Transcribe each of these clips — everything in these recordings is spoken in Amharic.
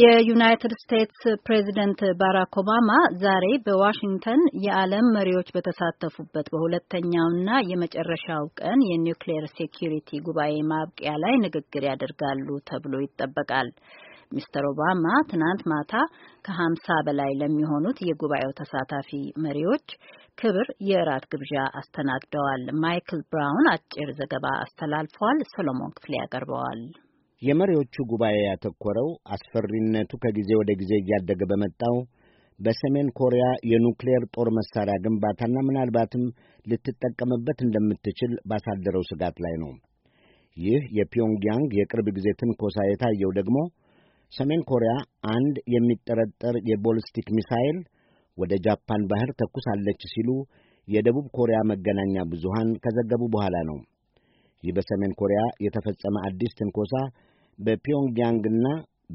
የዩናይትድ ስቴትስ ፕሬዚደንት ባራክ ኦባማ ዛሬ በዋሽንግተን የዓለም መሪዎች በተሳተፉበት በሁለተኛውና የመጨረሻው ቀን የኒውክሌር ሴኪሪቲ ጉባኤ ማብቂያ ላይ ንግግር ያደርጋሉ ተብሎ ይጠበቃል። ሚስተር ኦባማ ትናንት ማታ ከሀምሳ በላይ ለሚሆኑት የጉባኤው ተሳታፊ መሪዎች ክብር የእራት ግብዣ አስተናግደዋል። ማይክል ብራውን አጭር ዘገባ አስተላልፏል። ሰሎሞን ክፍሌ ያቀርበዋል። የመሪዎቹ ጉባኤ ያተኮረው አስፈሪነቱ ከጊዜ ወደ ጊዜ እያደገ በመጣው በሰሜን ኮሪያ የኑክሌር ጦር መሳሪያ ግንባታና ምናልባትም ልትጠቀምበት እንደምትችል ባሳደረው ስጋት ላይ ነው። ይህ የፒዮንግያንግ የቅርብ ጊዜ ትንኮሳ የታየው ደግሞ ሰሜን ኮሪያ አንድ የሚጠረጠር የቦልስቲክ ሚሳይል ወደ ጃፓን ባህር ተኩሳለች ሲሉ የደቡብ ኮሪያ መገናኛ ብዙሃን ከዘገቡ በኋላ ነው። ይህ በሰሜን ኮሪያ የተፈጸመ አዲስ ትንኮሳ በፒዮንግያንግና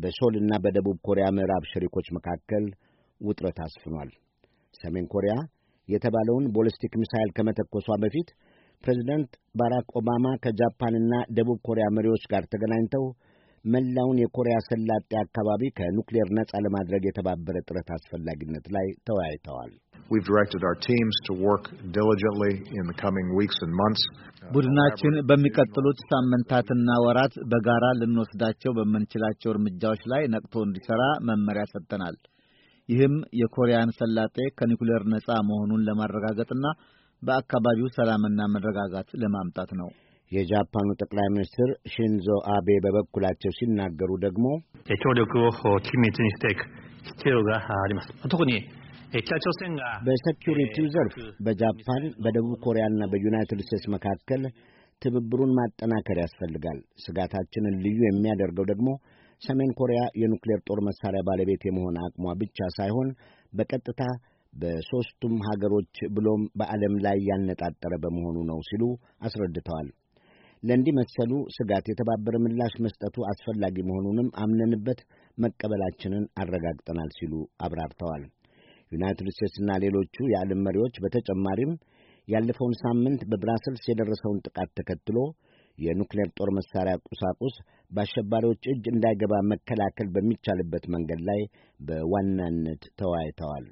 በሶልና በደቡብ ኮሪያ ምዕራብ ሸሪኮች መካከል ውጥረት አስፍኗል። ሰሜን ኮሪያ የተባለውን ቦሊስቲክ ሚሳይል ከመተኮሷ በፊት ፕሬዚደንት ባራክ ኦባማ ከጃፓንና ደቡብ ኮሪያ መሪዎች ጋር ተገናኝተው መላውን የኮሪያ ሰላጤ አካባቢ ከኑክሌር ነጻ ለማድረግ የተባበረ ጥረት አስፈላጊነት ላይ ተወያይተዋል። ቡድናችን በሚቀጥሉት ሳምንታትና ወራት በጋራ ልንወስዳቸው በምንችላቸው እርምጃዎች ላይ ነቅቶ እንዲሠራ መመሪያ ሰጥተናል። ይህም የኮሪያን ሰላጤ ከኒኩሌር ነፃ መሆኑን ለማረጋገጥና በአካባቢው ሰላምና መረጋጋት ለማምጣት ነው። የጃፓኑ ጠቅላይ ሚኒስትር ሺንዞ አቤ በበኩላቸው ሲናገሩ ደግሞ በሴኪሪቲው ዘርፍ በጃፓን በደቡብ ኮሪያና በዩናይትድ ስቴትስ መካከል ትብብሩን ማጠናከር ያስፈልጋል። ስጋታችንን ልዩ የሚያደርገው ደግሞ ሰሜን ኮሪያ የኑክሌር ጦር መሳሪያ ባለቤት የመሆን አቅሟ ብቻ ሳይሆን በቀጥታ በሦስቱም ሀገሮች ብሎም በዓለም ላይ ያነጣጠረ በመሆኑ ነው ሲሉ አስረድተዋል። ለእንዲህ መሰሉ ስጋት የተባበረ ምላሽ መስጠቱ አስፈላጊ መሆኑንም አምነንበት መቀበላችንን አረጋግጠናል ሲሉ አብራርተዋል። ዩናይትድ ስቴትስና ሌሎቹ የዓለም መሪዎች በተጨማሪም ያለፈውን ሳምንት በብራሰልስ የደረሰውን ጥቃት ተከትሎ የኑክሌር ጦር መሳሪያ ቁሳቁስ በአሸባሪዎች እጅ እንዳይገባ መከላከል በሚቻልበት መንገድ ላይ በዋናነት ተወያይተዋል።